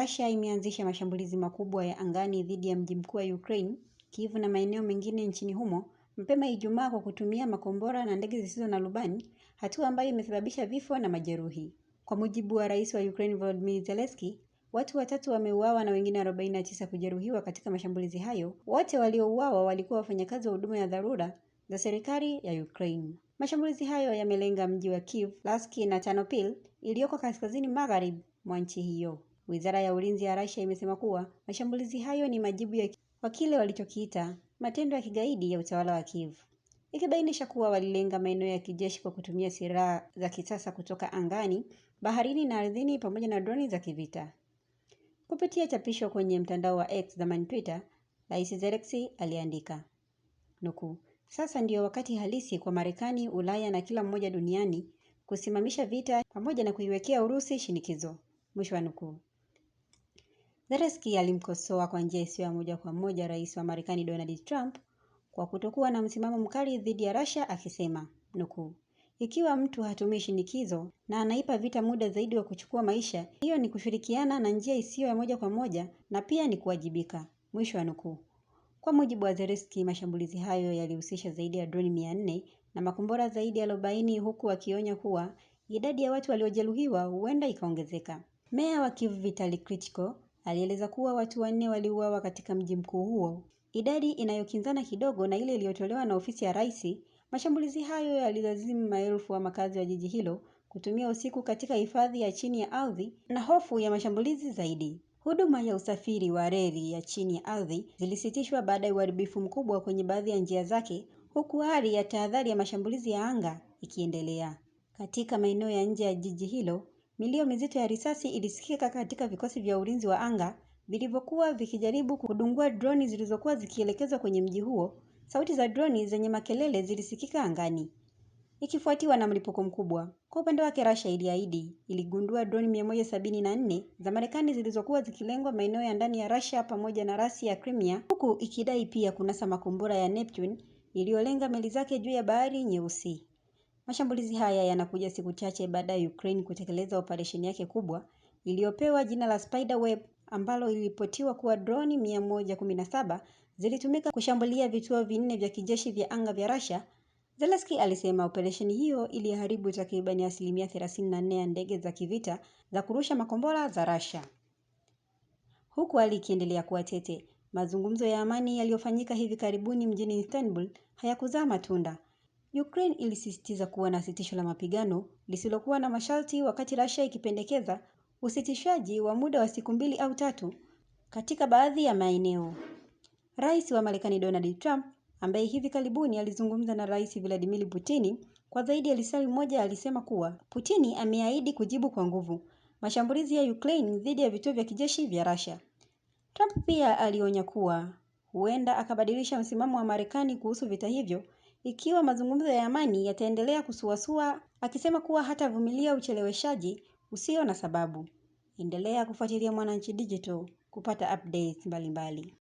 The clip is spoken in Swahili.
Russia imeanzisha mashambulizi makubwa ya angani dhidi ya mji mkuu wa Ukraine, Kyiv na maeneo mengine nchini humo mapema Ijumaa kwa kutumia makombora na ndege zisizo na rubani, hatua ambayo imesababisha vifo na majeruhi. Kwa mujibu wa Rais wa Ukraine Volodymyr Zelensky, watu watatu wameuawa na wengine 49 kujeruhiwa katika mashambulizi hayo. Wote waliouawa walikuwa wafanyakazi wa huduma ya dharura za serikali ya Ukraine. Mashambulizi hayo yamelenga mji wa Kyiv, Lutsk na Ternopil iliyoko kaskazini magharibi mwa nchi hiyo. Wizara ya Ulinzi ya Russia imesema kuwa mashambulizi hayo ni majibu ya kwa kile walichokiita matendo ya kigaidi ya utawala wa Kiev, ikibainisha kuwa walilenga maeneo ya kijeshi kwa kutumia silaha za kisasa kutoka angani, baharini na ardhini pamoja na droni za kivita. Kupitia chapisho kwenye mtandao wa X zamani Twitter, Rais Zelensky aliandika nuku, sasa ndiyo wakati halisi kwa Marekani, Ulaya na kila mmoja duniani kusimamisha vita pamoja na kuiwekea Urusi shinikizo, mwisho wa nukuu. Zelensky alimkosoa kwa njia isiyo ya moja kwa moja Rais wa Marekani Donald Trump kwa kutokuwa na msimamo mkali dhidi ya Russia akisema nukuu, ikiwa mtu hatumii shinikizo na anaipa vita muda zaidi wa kuchukua maisha, hiyo ni kushirikiana na njia isiyo ya moja kwa moja na pia ni kuwajibika, mwisho wa nukuu. Kwa mujibu wa Zelensky, mashambulizi hayo yalihusisha zaidi ya droni mia nne na makombora zaidi ya arobaini huku akionya kuwa idadi ya watu waliojeruhiwa huenda ikaongezeka. Meya wa Kyiv Vitali Klitschko alieleza kuwa watu wanne waliuawa katika mji mkuu huo, idadi inayokinzana kidogo na ile iliyotolewa na ofisi ya rais. Mashambulizi hayo yalilazimu maelfu wa makazi wa jiji hilo kutumia usiku katika hifadhi ya chini ya ardhi na hofu ya mashambulizi zaidi. Huduma ya usafiri wa reli ya chini ya ardhi zilisitishwa baada ya uharibifu mkubwa kwenye baadhi ya njia zake, huku hali ya tahadhari ya mashambulizi ya anga ikiendelea. Katika maeneo ya nje ya jiji hilo, Milio mizito ya risasi ilisikika katika vikosi vya ulinzi wa anga vilivyokuwa vikijaribu kudungua droni zilizokuwa zikielekezwa kwenye mji huo. Sauti za droni zenye makelele zilisikika angani, ikifuatiwa na mlipuko mkubwa. Kwa upande wake Russia iliahidi iligundua droni 174 za Marekani zilizokuwa zikilengwa maeneo ya ndani ya Russia pamoja na rasi ya Crimea, huku ikidai pia kunasa makombora ya Neptune iliyolenga meli zake juu ya Bahari Nyeusi. Mashambulizi haya yanakuja siku chache baada ya Ukraine kutekeleza operesheni yake kubwa iliyopewa jina la Spiderweb ambalo iliripotiwa kuwa droni 117 zilitumika kushambulia vituo vinne vya kijeshi vya anga vya Russia. Zelensky alisema operesheni hiyo iliharibu takribani asilimia 34 ya ndege za kivita za kurusha makombora za Russia. Huku hali ikiendelea kuwa tete, mazungumzo ya amani yaliyofanyika hivi karibuni mjini Istanbul hayakuzaa matunda. Ukraine ilisisitiza kuwa na sitisho la mapigano lisilokuwa na masharti wakati Russia ikipendekeza usitishaji wa muda wa siku mbili au tatu katika baadhi ya maeneo. Rais wa Marekani Donald Trump ambaye hivi karibuni alizungumza na Rais Vladimir Putin kwa zaidi ya lisali moja alisema kuwa Putin ameahidi kujibu kwa nguvu mashambulizi ya Ukraine dhidi ya vituo vya kijeshi vya Russia. Trump pia alionya kuwa huenda akabadilisha msimamo wa Marekani kuhusu vita hivyo ikiwa mazungumzo ya amani yataendelea kusuasua akisema kuwa hatavumilia ucheleweshaji usio na sababu. Endelea kufuatilia Mwananchi Digital kupata updates mbalimbali.